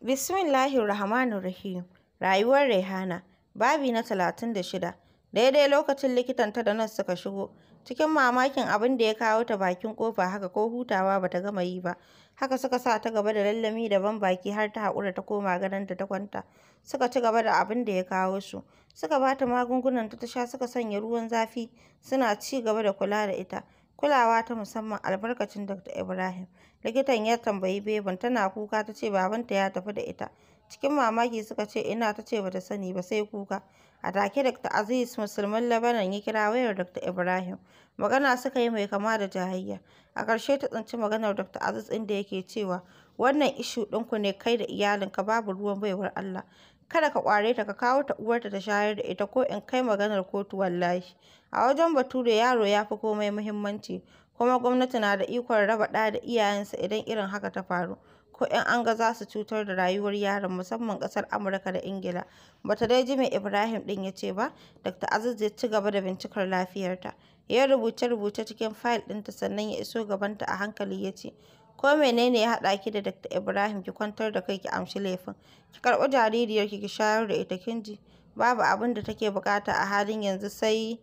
Bismillahir Rahmanir Rahim. Rayuwar Rehana, babi na 36. Daidai lokacin likitan ta da nas suka shigo, cikin mamakin abin da ya kawo ta bakin kofa haka ko hutawa bata gama yi ba. Haka suka sa ta gaba da lallami da ban baki har ta haƙura ta koma gadonta ta kwanta. Suka ci gaba da abin da ya kawo su. Suka bata magungunan ta ta sha suka sanya ruwan zafi suna ci gaba da kula da ita. kulawa ta musamman albarkacin Dr. Ibrahim. Likitan ya tambayi Beban tana kuka ta ce babanta ya tafi da ita. Cikin mamaki suka ce ina ta ce bata sani ba sai kuka. A take Dr. Aziz musulmin Labanan ya kira wayar Dr. Ibrahim. Magana suka yi mai kama da jahayya. A ƙarshe ta tsinci maganar Dr. Aziz inda yake cewa wannan ishu ɗinku ne kai da iyalinka babu ruwan baiwar Allah. kada ka kware ta ka kawo ta uwarta ta shayar da ita ko in kai maganar kotu wallahi a wajen bature yaro ya fi komai muhimmanci kuma gwamnati na da ikon raba ɗa da iyayensa idan irin haka ta faru ko in an ga za su cutar da rayuwar yaron musamman ƙasar amurka da ingila bata dai ji mai ibrahim ɗin ya ce ba dr aziz ya ci gaba da bincikar lafiyarta ya rubuce-rubuce cikin fayil ɗinta sannan ya iso gabanta a hankali ya ce ko menene ya haɗa ki da Dr. Ibrahim ki kwantar da kai ki amshi laifin ki karɓi jaririyarki ki shayar da ita kin ji babu abin da take bukata a halin yanzu sai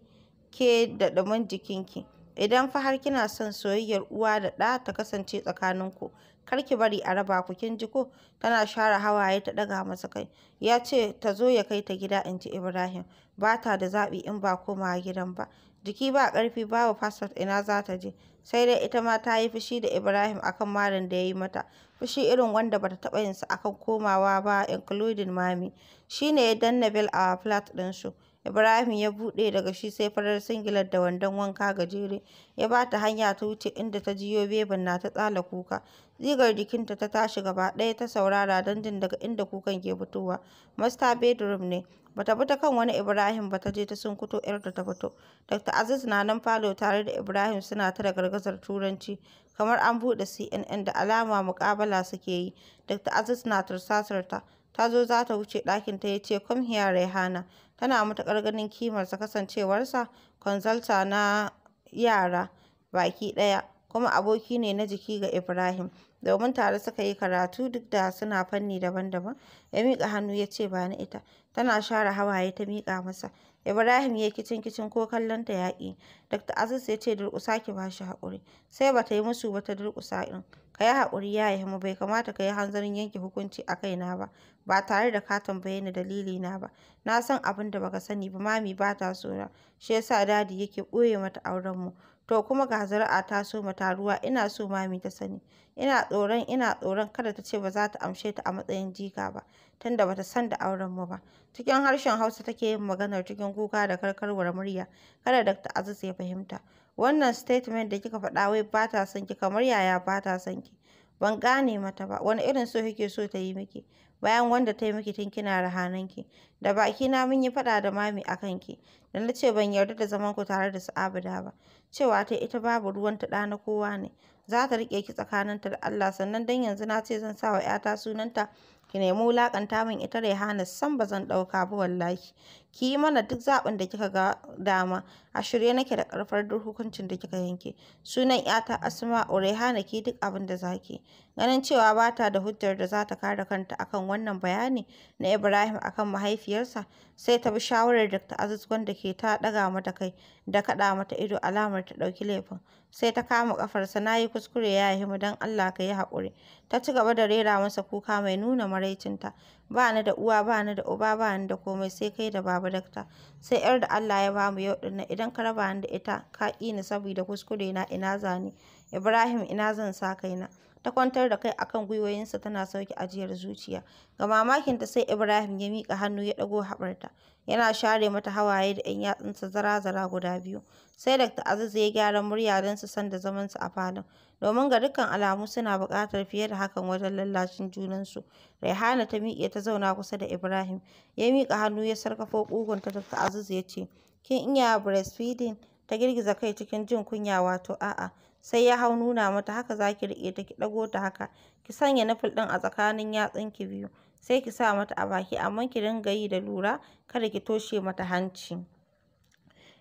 ke da jikin jikinki idan fa har kina son soyayyar uwa da ɗa ta kasance tsakanin ku kar ki bari a raba ku kin ji ko tana share hawaye ta ɗaga masa kai ya ce ta zo ya kai ta gida in ji Ibrahim ba ta da zaɓi in ba komawa gidan ba Jiki ba ƙarfi babu fasfot ina za ta je, sai dai ita ma ta yi fushi da Ibrahim akan kan marin da ya yi mata, fushi irin wanda ba ta taɓa yinsa a kan komawa ba including Mami. Shi ne ya danna bel a flat ɗinsu. Ibrahim ya buɗe daga shi sai farar singilar da wandon wanka gajere. Ya ba ta hanya ta wuce inda ta jiyo beban na ta tsala kuka. Zigar jikinta ta tashi gaba ɗaya ta saurara don daga inda kukan ke fitowa. Masta bedroom ne. Bata bi ta kan wani Ibrahim ba ta je ta sunkuto ‘yar da ta fito. Dr. Aziz na nan falo tare da Ibrahim suna ta da gargazar Turanci. Kamar an buɗe CNN da alama mukabala suke yi. Dr. Aziz na tursasarta. ta. Ta zo za ta wuce ɗakin ta ya ce, Come here Rehana. tana matuƙar ganin kimarsa kasancewarsa konsalta na yara baki ɗaya kuma aboki ne na jiki ga Ibrahim domin tare suka yi karatu duk da suna fanni daban-daban ya miƙa hannu ya ce ba na ita tana share hawaye ta miƙa masa Ibrahim ya kicin kicin ko kallon ta yaƙi Dr. Aziz ya ce durƙusa ki ba shi haƙuri sai ba ta yi musu ba ta durƙusa in. ka yi haƙuri ya Yahimu bai kamata ka yi hanzarin yanke hukunci a kaina ba ba tare da ka tambaye ni dalilina ba na san abin da baka sani ba mami ba ta so na shi yasa dadi yake ɓoye mata auren mu to kuma ga zuri'a ta so mata ruwa ina so mami ta sani ina tsoron ina tsoron kada ta ce ba za ta amshe ta a matsayin jika ba tunda bata san da auren mu ba cikin harshen Hausa take yin maganar cikin kuka da karkarwar murya kada Dr. Aziz ya fahimta wannan statement da kika faɗa wai ba ta son ki kamar yaya ba son ki ban gane mata ba wani irin so kike so ta yi miki bayan wanda ta yi miki tun kina rahanan ki da baki na mun yi faɗa da mami akan ki da na ce ban yarda da zaman ku tare da su abida ba cewa ta ita babu ruwan ta ɗa na kowa ne za ta riƙe ki tsakaninta da Allah sannan dan yanzu na ce zan sa wa 'yata sunanta ki nemi wulakanta min ita Rehana san ba zan ɗauka ba wallahi ki yi mana duk zaɓin da kika ga dama a shirye nake da ƙarfar duk hukuncin da kika yanke sunan yata asma'u "Hana ki duk abin da zaki ganin cewa bata da hujjar da za ta kare kanta akan wannan bayani na ibrahim akan mahaifiyarsa sai ta bi shawarar dr aziz wanda ke ta ɗaga mata kai da kaɗa mata ido alamar ta ɗauki laifin sai ta kama ƙafarsa na yi kuskure ya mu don allah ka yi haƙuri ta ci gaba da rera masa kuka mai nuna maraicinta ba ni da uwa ba ni da uba ba ni da komai sai kai da baba dakta sai yar da Allah ya bamu yau din idan ka raba ni da ita ka ƙi ni saboda kuskure na ina zani Ibrahim ina zan sa kaina ta kwantar da kai akan gwiwoyinsa tana sauke ajiyar zuciya ga mamakinta sai Ibrahim ya miƙa hannu ya ɗago haɓarta yana share mata hawaye da ‘yan yatsunsa zara-zara guda biyu. Sai Dr. Aziz ya gyara murya don su san da zamansu a falon, domin ga dukkan alamu suna buƙatar fiye da hakan wajen lallacin junansu. Raihana ta miƙe ta zauna kusa da Ibrahim, ya miƙa hannu ya sarkafo ƙugunta Dr. Aziz ya ce, kin iya breastfeeding? Ta girgiza kai cikin jin kunya wato a'a. sai ya hau nuna mata haka za ki riƙe ta ki ɗago ta haka ki sanya nufil ɗin a tsakanin yatsunki biyu sai ki sa mata a baki amma ki dinga yi da lura kada ki toshe mata hanci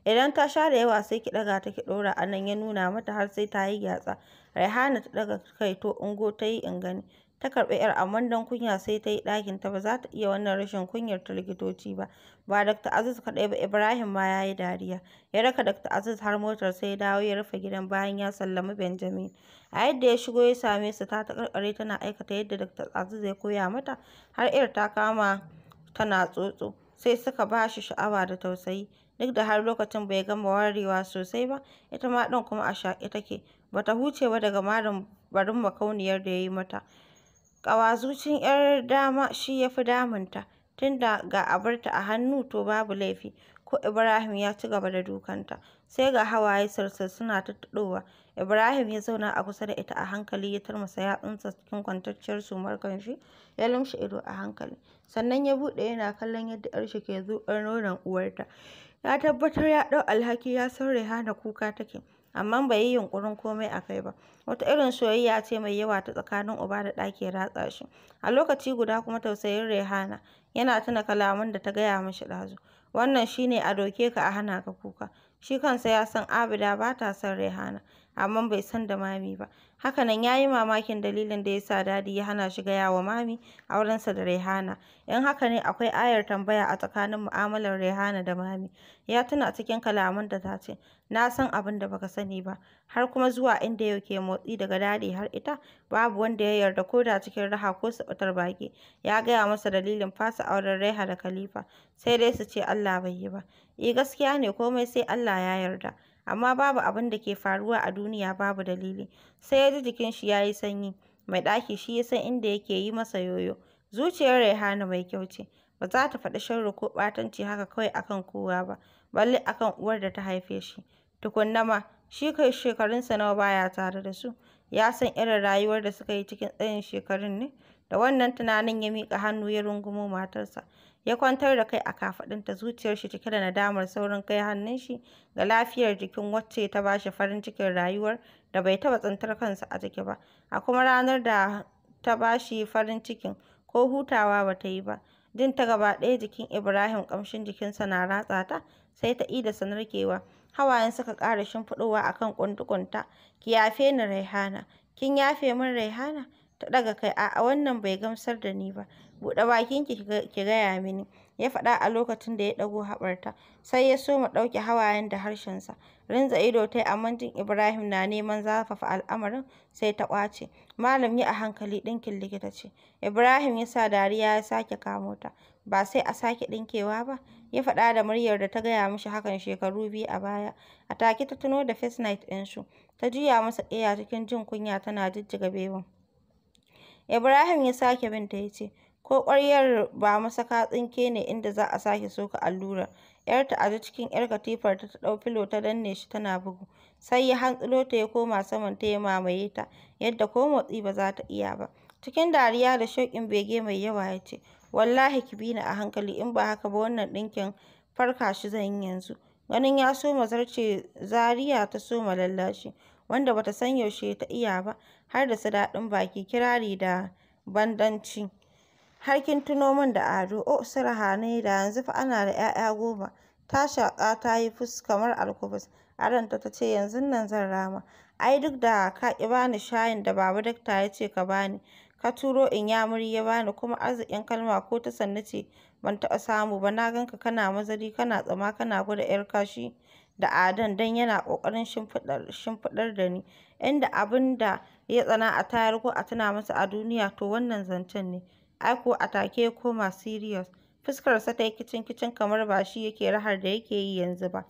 idan ta sha da yawa sai ki ɗaga ta ki ɗora a nan ya nuna mata har sai ta yi gyatsa Raihana ta ɗaga kai to ungo ta yi in gani ta karɓi 'yar amman don kunya sai ta yi ɗakin ta ba za ta iya wannan rashin kunyar ta likitoci ba ba Dr. Aziz kaɗai ba Ibrahim ma ya yi dariya ya raka Dr. Aziz har motar sai ya dawo ya rufe gidan bayan ya sallami Benjamin a yadda ya shigo ya same su ta taƙarƙare tana aikata yadda Dr. Aziz ya koya mata har 'yar ta kama tana tsotso sai suka ba shi sha'awa da tausayi duk da har lokacin bai gama warewa sosai ba ita ma ɗin kuma a shaƙe take bata huce ba daga malam barin makauniyar da ya yi mata ƙawazucin 'yar dama shi ya fi damunta, tunda ga abarta a hannu to babu laifi ko Ibrahim ya ci gaba da dukanta, sai ga hawaye sirsir suna tattaɗowa. Ibrahim ya zauna a kusa da ita a hankali ya turmusa yatsunsa cikin kwantacciyar sumar kanshi, ya lumshe ido a hankali, sannan ya buɗe yana kallon yadda 'yar shi ke zuƙar nonon uwarta. Ya tabbatar ya ɗau alhaki ya san hana kuka take. amma bai yi yunkurin komai a kai ba. Wata irin soyayya ce mai yawa ta tsakanin uba da ɗa ke ratsa shi. A lokaci guda kuma tausayin Rehana yana tuna kalaman da ta gaya mishi ɗazu. Wannan shi ne a doke ka a hana ka kuka. Shi kansa ya san Abida ba ta son Rehana. amma bai san da Mami ba. Hakanan ya yi mamakin dalilin da ya sa Dadi ya hana shi gaya wa Mami aurensa da Rehana. In haka ne akwai ayar tambaya a tsakanin mu'amalar Rehana da Mami. Ya tuna cikin kalaman da ta ce, na san abin da baka sani ba, har kuma zuwa inda yau ke motsi daga Dadi har ita, babu wanda ya yarda ko da cikin raha ko sabatar baki. Ya gaya masa dalilin fasa auren Raiha da Khalifa, sai dai su ce Allah bai yi ba. Eh gaskiya ne komai sai Allah ya yarda. amma babu abin da ke faruwa a duniya babu dalili. Sai ya ji jikin shi ya yi sanyi. Mai ɗaki shi ya san inda yake yi masa yoyo. Zuciyar Rehana mai kyau ce. Ba za ta faɗi sharri ko ɓatanci haka kawai akan kowa ba, balle akan uwar da ta haife shi. Tukunna ma, shi kai shekarunsa nawa baya tare da su. Ya san irin rayuwar da suka yi cikin tsayin shekarun ne. Da wannan tunanin ya mika hannu ya rungumo matarsa. ya kwantar da kai a ta zuciyar shi cike da nadamar saurin kai hannun shi ga lafiyar jikin wacce ta ba shi farin cikin rayuwar da bai taɓa tsintar kansa a ciki ba a kuma ranar da ta ba shi farin cikin ko hutawa ba ta yi ba jin ta gaba ɗaya jikin Ibrahim ƙamshin jikinsa na ratsa ta sai ta ida sanarkewa hawayen suka ƙara shimfiɗowa a kan ƙuntukunta ki yafe ni Raihana kin yafe min Raihana ta ɗaga kai a'a wannan bai gamsar da ni ba buɗe bakinki ki gaya mini ya faɗa a lokacin da ya ɗago haɓarta sai ya soma ɗauke hawayen da harshensa rinza ido ta yi amma jin ibrahim na neman zafafa al'amarin sai ta ƙwace malam yi a hankali ɗinkin likita ce ibrahim ya sa dariya ya sake kamo ta ba sai a sake ɗinkewa ba ya faɗa da muryar da ta gaya mishi hakan shekaru biyu a baya a take ta tuno da first night ɗinsu ta juya masa ƙeya cikin jin kunya tana jijjiga bebin ibrahim ya sake binta ya ce Ko ƙwaryar ba masaka tsinke ne inda za a sake soka allurar. ‘Yar ta'azu cikin ‘yar katifar ta ɗau filo ta danne shi tana bugu, sai ya hantsilo ta ya koma saman ta ya mamaye ta yadda ko motsi ba za ta iya ba. Cikin dariya da shauƙin bege mai yawa ya ce, “Wallahi ki bi ni a hankali, in ba haka ba wannan ɗinkin farka shi zan yi yanzu.” Ganin ya soma zarce, Zaria ta soma lallashi, wanda bata san yaushe ta iya ba, har da su daɗin baki, kirari da bandanci. har kin tuno min da Ado, oh su Rahane da yanzu fa ana da 'ya'ya goma. Ta shaƙa ta yi fus kamar alkubus, aranta ta ce yanzu nan zan rama. Ai duk da ka ƙi bani shayin da Baba Dakta ya ce ka bani, ka turo Inyamuri ya bani kuma arzikin kalma ko ta sannu ce ban taɓa samu ba na gan ka kana mazari kana tsama kana gwada 'yar kashi da Adan don yana ƙoƙarin shimfiɗar da ni, inda abin da ya tsana a tayar ko a tuna masa a duniya to wannan zancen ne. Aiko a take koma sirius. fuskarsa ta yi kicin-kicin kamar ba shi yake rahar da yake yi yanzu ba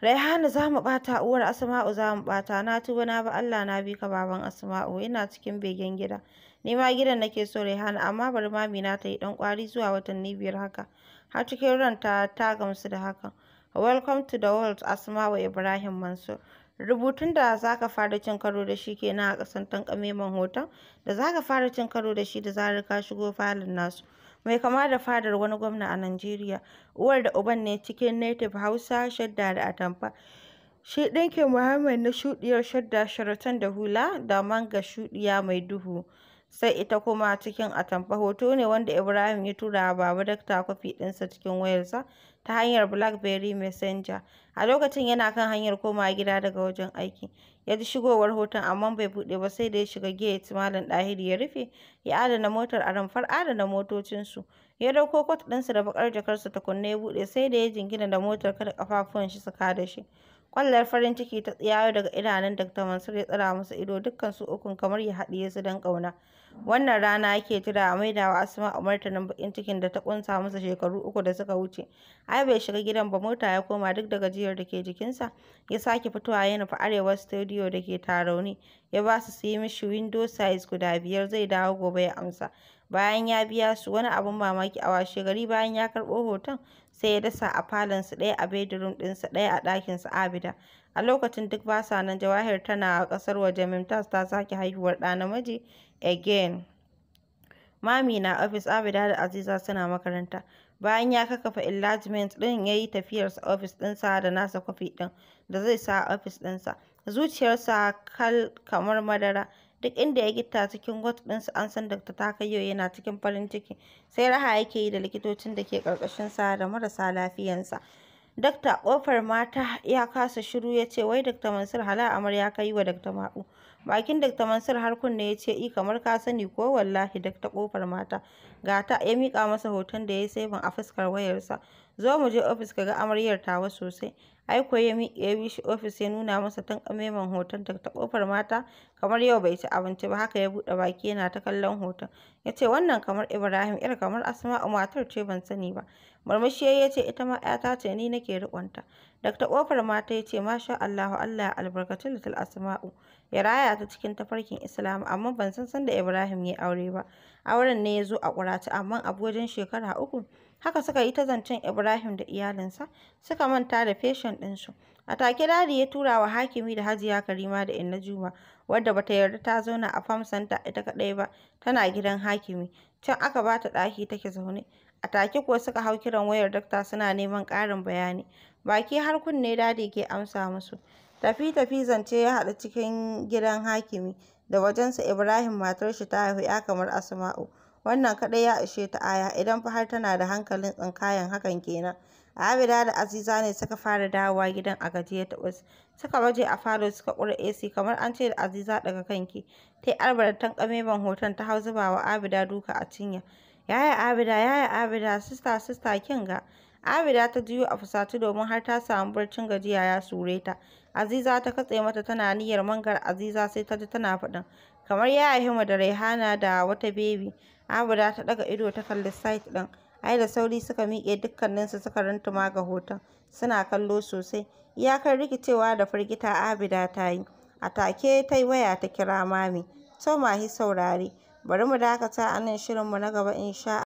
Raihana za mu ɓata uwar Asma'u za mu ɓata na tuba na ba Allah na bi ka baban Asma'u ina cikin begen gida ni ma gidan nake so Raihana amma bari mami na ta yi ɗan kwari zuwa watanni biyar haka har cikin ranta ta gamsu da hakan welcome to the world Asma'u Ibrahim Mansur rubutun da za ka fara cin karo da shi kenan a ƙasan tanƙamemen hoton da za ka fara cin karo da shi da zarar ka shigo falon nasu mai kama da fadar wani gwamna a Najeriya uwar da uban ne cikin native Hausa shadda da atamfa shi ɗinkin Muhammad na shuɗiyar shadda sharatan da hula da manga shuɗiya mai duhu sai ita kuma cikin atamfa hoto ne wanda Ibrahim ya tura wa Baba Dakta kwafi ɗinsa cikin wayarsa ta hanyar Blackberry Messenger. A lokacin yana kan hanyar koma gida daga wajen aiki. Ya ji shigowar hoton amma bai buɗe ba sai da ya shiga gate Malam ɗahiri ya rufe ya adana motar a ramfar adana motocinsu. Ya dauko kwat ɗinsa da baƙar jakarsa tukunna ya buɗe sai da ya jingina da motar kada ƙafafuwan shi su kada shi. Kwallar farin ciki ta tsayawa daga idanun Dr. Mansur ya tsara masa ido dukkan su ukun kamar ya haɗiye su don ƙauna. Wannan rana yake jira a wa asma a martanin bakin cikin da ta kunsa masa shekaru uku da suka wuce. Ai bai shiga gidan ba mota ya koma duk da gajiyar da ke jikinsa. Ya sake fitowa ya nufi Arewa Studio da ke Tarauni. Ya ba su su yi mishi window size guda biyar zai dawo gobe ya amsa. Bayan ya biya su wani abin mamaki a washe gari bayan ya karɓo hoton sai ya dasa a falonsu ɗaya a bedroom ɗinsa ɗaya a ɗakinsa Abida. A lokacin duk ba sa nan Jawahir tana a ƙasar waje Mimtaz ta sake haihuwar ɗa namiji again. Mami na ofis Abida da Aziza suna makaranta. Bayan ya kakkafa enlargement ɗin ya yi tafiyarsa ofis ɗinsa da nasa kwafi ɗin da zai sa a ofis ɗinsa. Zuciyarsa kal kamar madara. duk inda ya gita cikin wat ɗinsu an san Dr. yau yana cikin farin ciki sai raha yake yi da likitocin da ke ƙarƙashinsa da marasa lafiyansa. Dakta ƙofar mata ya kasa shiru ya ce wai Dakta Mansur hala amarya ka yi wa Dakta Ma'u. Bakin Dakta Mansur har kunne ya ce i kamar ka sani ko wallahi Dakta ƙofar mata. Gata ya mika masa hoton da ya yi sabon a fuskar wayarsa. Zo mu je ofis ka ga amaryar tawa sosai. Ai ya yi mishi shi ofis ya nuna masa tun tanƙamemen hoton ta ta ƙofar mata kamar yau bai ci abinci ba haka ya buɗe baki yana ta kallon hoton. Ya ce wannan kamar Ibrahim ‘yar kamar Asma'u matar ce ban sani ba. Murmushi ya ce ita ma ‘yata ce ni nake riƙonta. Dakta ƙofar mata ya ce masha Allahu Allah albarkatun albarkaci Little Asma'u. Ya raya ta cikin tafarkin Islam amma ban san sanda Ibrahim ya aure ba. Auren ne ya zo a kurace amma abu wajen shekara uku. Haka suka yi ta zancen Ibrahim da iyalinsa, suka manta da feshin ɗinsu. A take Dadi ya tura wa Hakimi da Hajiya Karima da Inna Juma, wadda bata yarda ta zauna a farm center ita kaɗai ba, tana gidan Hakimi. Can aka ba ta ɗaki take zaune. A take kuwa suka hau kiran wayar dakta suna neman ƙarin bayani. Baki har kunne Dadi ke amsa musu. Tafi-tafi zance ya haɗu cikin gidan Hakimi da wajensa Ibrahim matar shi ta haihu 'ya kamar Asma'u. Wannan kaɗai ya ishe ta aya, idan fa har tana da hankalin tsinkayan hakan kenan. Abida da Aziza ne suka fara dawowa gidan a gajiye taɓus. Suka baje a falo suka ƙure AC kamar an ce da Aziza daga kanki. Ta yi albarkatan hoton ta hau zuba wa Abida duka a cinya. Yaya Abida, yaya Abida, sista sista kin ga. Abida ta juyo a fusace domin har ta samu barcin gajiya ya sure ta. Aziza ta katse mata tana niyyar mangar Aziza sai ta ji tana faɗin. Kamar yaya Hima da Raihana da wata bebi. Abida ta ɗaga ido ta kalli site ɗin. Ai da sauri suka miƙe dukkaninsu suka rintuma ga hoton. Suna kallo sosai. Iyakar rikicewa da firgita Abida ta yi. A take ta yi waya ta kira Mami. Toma hi saurare. Bari mu dakata a nan shirinmu na gaba insha